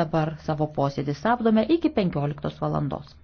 Dabar savo posėdį stabdome iki 15 valandos.